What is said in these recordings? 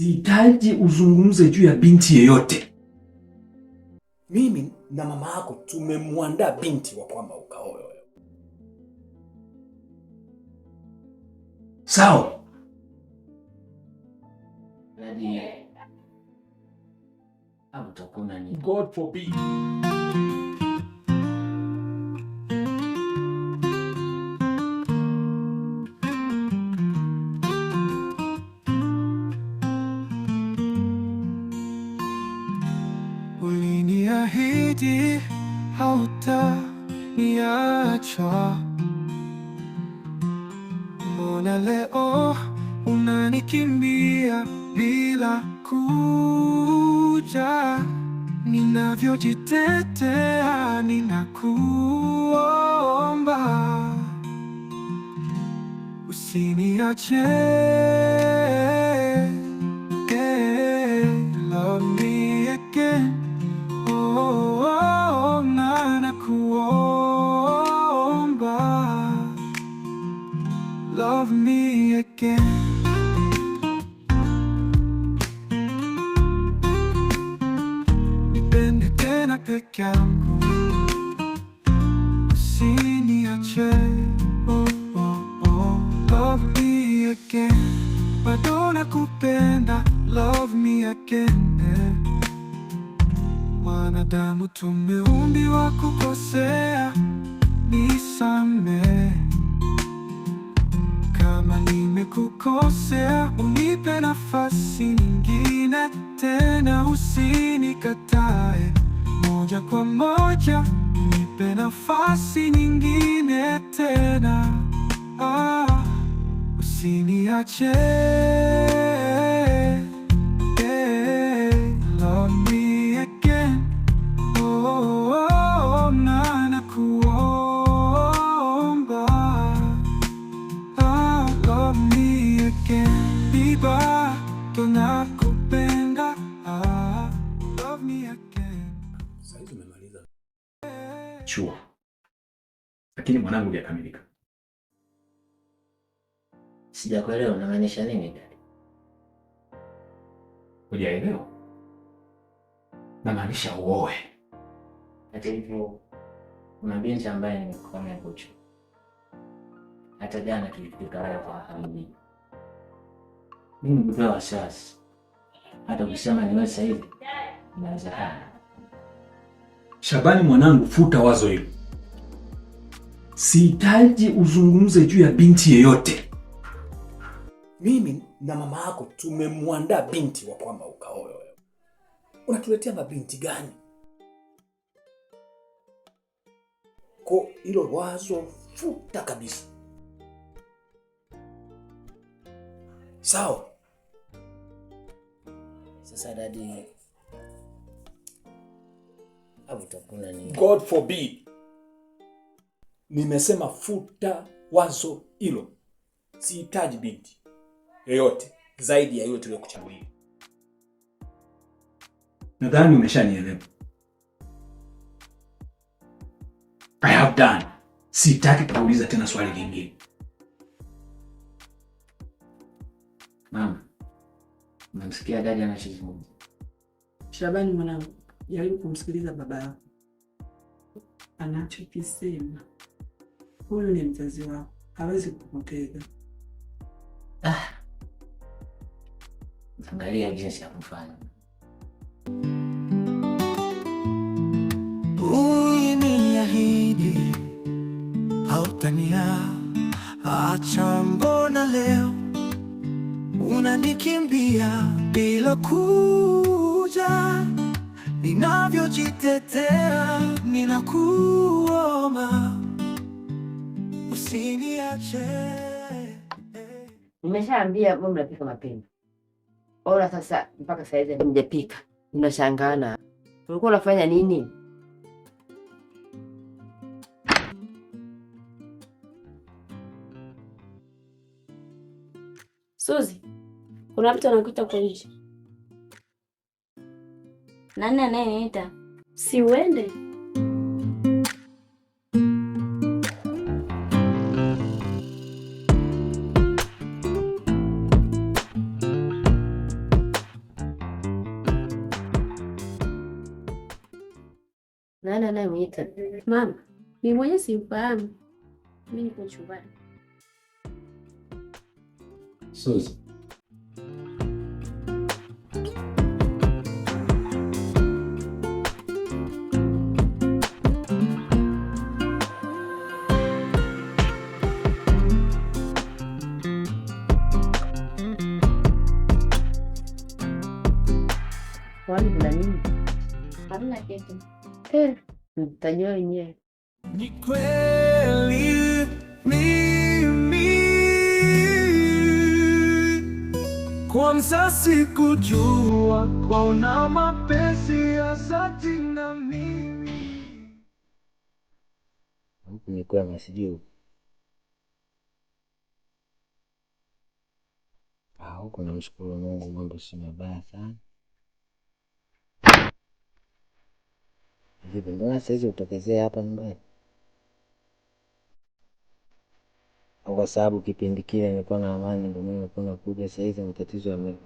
sihitaji uzungumze juu ya binti yeyote. Mimi na mama yako tumemwandaa binti wa kwamba ukaoe. Sawa. God forbid. Naahidi hautaniacha. Mbona leo unanikimbia bila kuja? Ninavyojitetea ninakuomba, usiniache. wanadamu Mwanadamu tumeumbiwa kukosea, nisamehe. Kama nimekukosea, unipe nafasi nyingine tena, usinikatae moja kwa moja, unipe nafasi nyingine tena, ah, usiniache Sijakuelewa, unamaanisha nini dadi? Hujaelewa? Namaanisha uoe. Hata hivyo kuna binti ambaye nimekufanya kuchu, hata jana tulifika haya kwa hamini. Mimi kutoa wasiwasi, hata ukisema niwe sasa hivi inawezekana. Shabani mwanangu, futa wazo hilo, sihitaji uzungumze juu ya binti yeyote mimi na mama yako tumemwandaa binti wa kwamba ukaoe wewe. Unatuletea mabinti gani? Ko hilo wazo futa kabisa. Sawa. Sasa dadi, utakuna ni... God forbid. Nimesema futa wazo hilo, sihitaji binti yoyote zaidi ya yule tuliyokuchagulia. Nadhani umeshanielewa. I have done. Sitaki kuuliza tena swali lingine. Mama, namsikia dada anachozungumza. Shabani mwanangu, jaribu kumsikiliza baba yako anachokisema. Huyu ni mzazi wako, hawezi kupoteza angalia jinsi ya kufanya. Uliniahidi hautaniacha, mbona leo unanikimbia bila kuja? Ninavyojitetea ninakuomba usiniache. Nimeshaambia mnapika mapenzi Ona sasa mpaka saizi mjapika, unashangana ulikuwa unafanya nini? Suzi, kuna mtu anakuita kwa nje. Nani anayeniita? Si uende? Nani anayemwita mama? Ni mwenye simfahamu. Mimi niko chumbani. Suzi. Kwani kuna nini? Hamna kitu yote mtajua wenyewe. Ni kweli mimi kwanza sikujua kwa una mapenzi ya dhati na mimi huku ni kwema, sijui huku. Ah, namshukuru Mungu, mambo si mabaya sana Vipi, mbona siwezi kutokezea hapa nyumbani? Kwa sababu kipindi kile nilikuwa na amani, ndio mimi nilikuwa nakuja. Sasa hizi matatizo yame-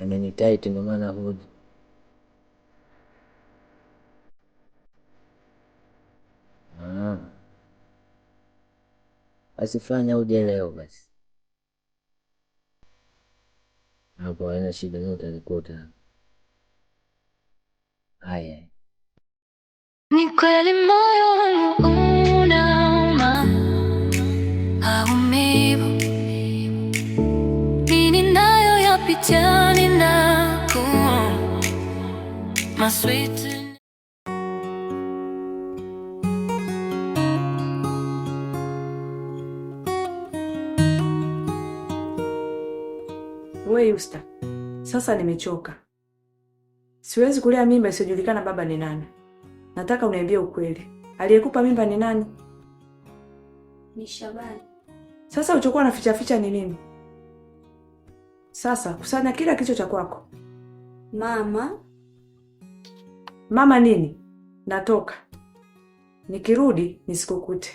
yamenitaiti, ndio maana huji. Ah, Basi fanya uje leo basi, hapo haina shida, mi utanikuta haya. Kweli moyo wangu unauma, We Yusta, sasa nimechoka, siwezi kulea mimba isiyojulikana baba ni nani. Nataka uniambie ukweli, aliyekupa mimba ni nani? Ni Shabani. Sasa uchokuwa na ficha ni nini? Sasa kusanya kila kicho cha kwako. Mama, mama nini? Natoka, nikirudi nisikukute.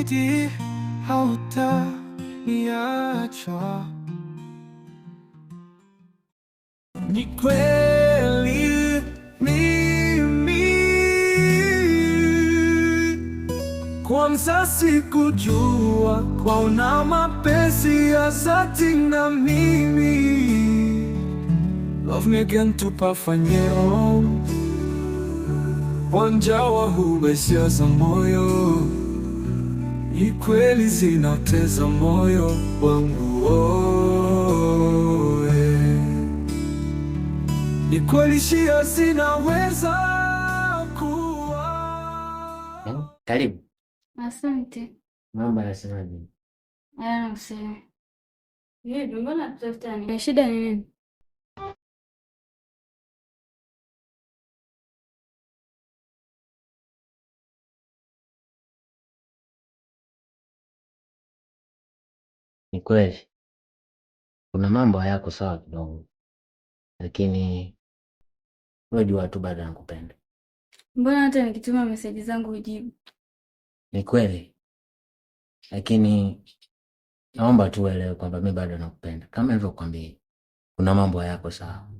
zaidi, hautaniacha. Ni kweli mimi kwa mzazi kujua kwa una mapenzi ya dhati na mimi. Love me again tupafanyeo, wanja wa hubesiaza moyo ni kweli zinateza moyo wangu oe, ni kweli shia zinaweza kuwa. Eh, karibu. Asante. Mambo yanasemaje? Eh, eh, shida ni nini? Ni kweli kuna mambo hayako sawa kidogo, lakini wewe jua tu bado nakupenda. Mbona hata nikituma meseji zangu ujibu? Ni kweli, lakini naomba tu uelewe kwamba mi bado nakupenda kama nilivyokuambia. Kuna mambo hayako sawa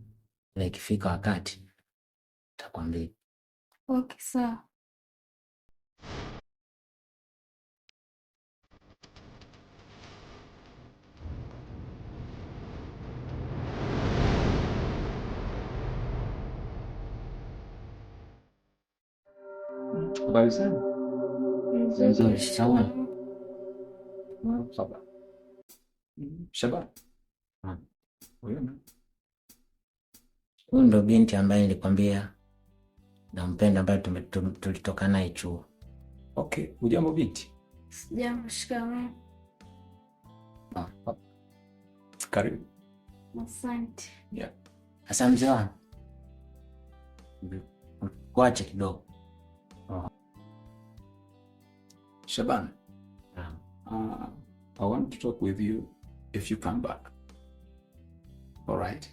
na ikifika wakati nitakwambia. Okay, sawa. Habari sana. Nzuri Shaba. Ah. Huyu ndo binti ambaye nilikwambia nampenda, ambaye tulitoka naye chuo. Okay, hujambo binti? Sijambo. Shikamoo. Ah, ah. Karibu. Asante. Yeah. mzee wangu, kuache kidogo. Shaban, uh, I want to talk with you if you come back. All right?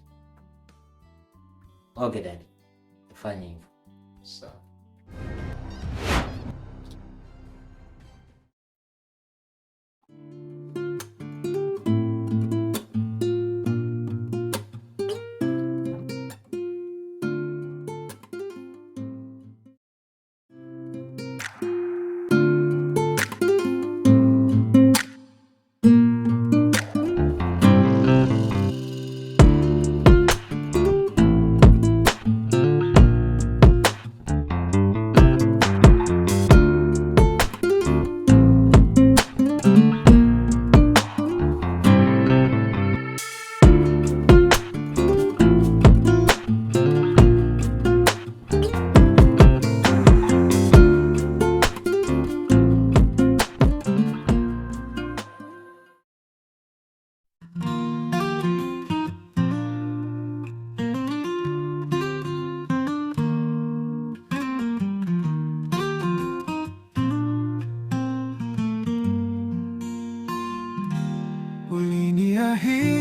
Okay, dad. Tufanye hivyo.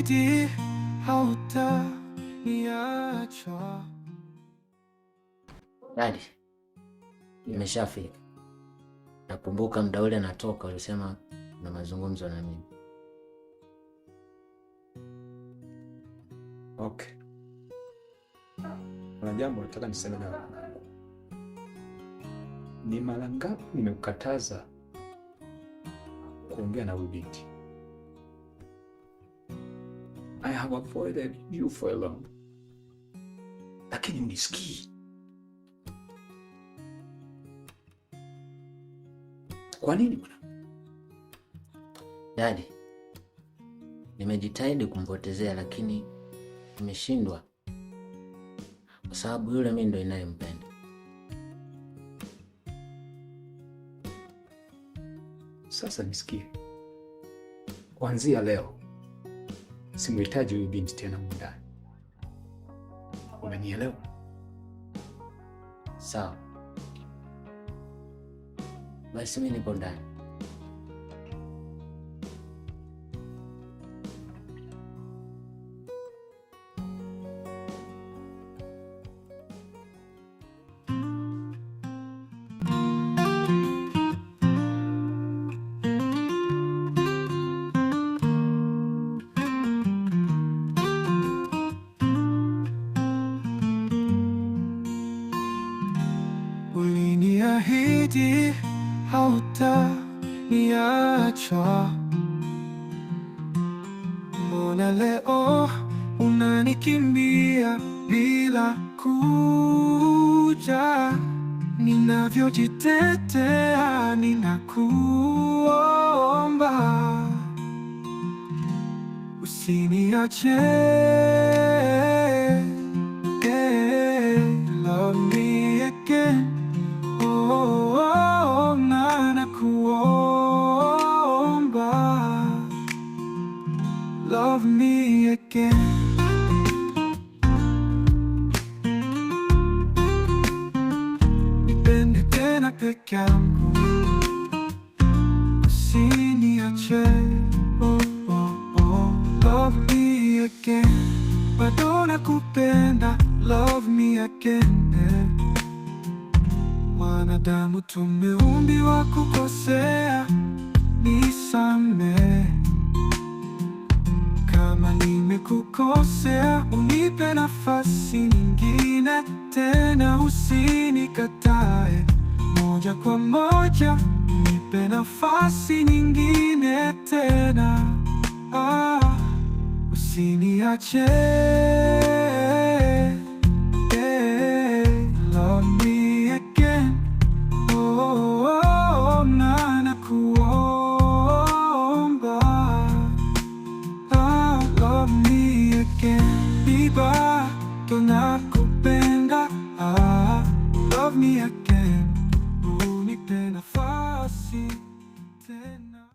zaidi hautaniacha. Dadi, nimeshafika. Nakumbuka muda ule natoka, ulisema na mazungumzo na mimi. Okay, kuna jambo nataka niseme na ni mara ngapi nimekukataza kuongea na huyu binti? I have avoided you for a long, lakini unisikii. Kwa nini bwana? Dadi, nimejitahidi kumpotezea lakini nimeshindwa, kwa sababu yule mimi ndo inayempenda. Sasa nisikie, kuanzia leo Simuhitaji huyu binti tena humu ndani. Unanielewa? Sawa, basi mimi nipo ndani. hauta hautaniacha, mbona leo unanikimbia bila kuja? Ninavyojitetea ninakuomba, usiniache. 却。大街。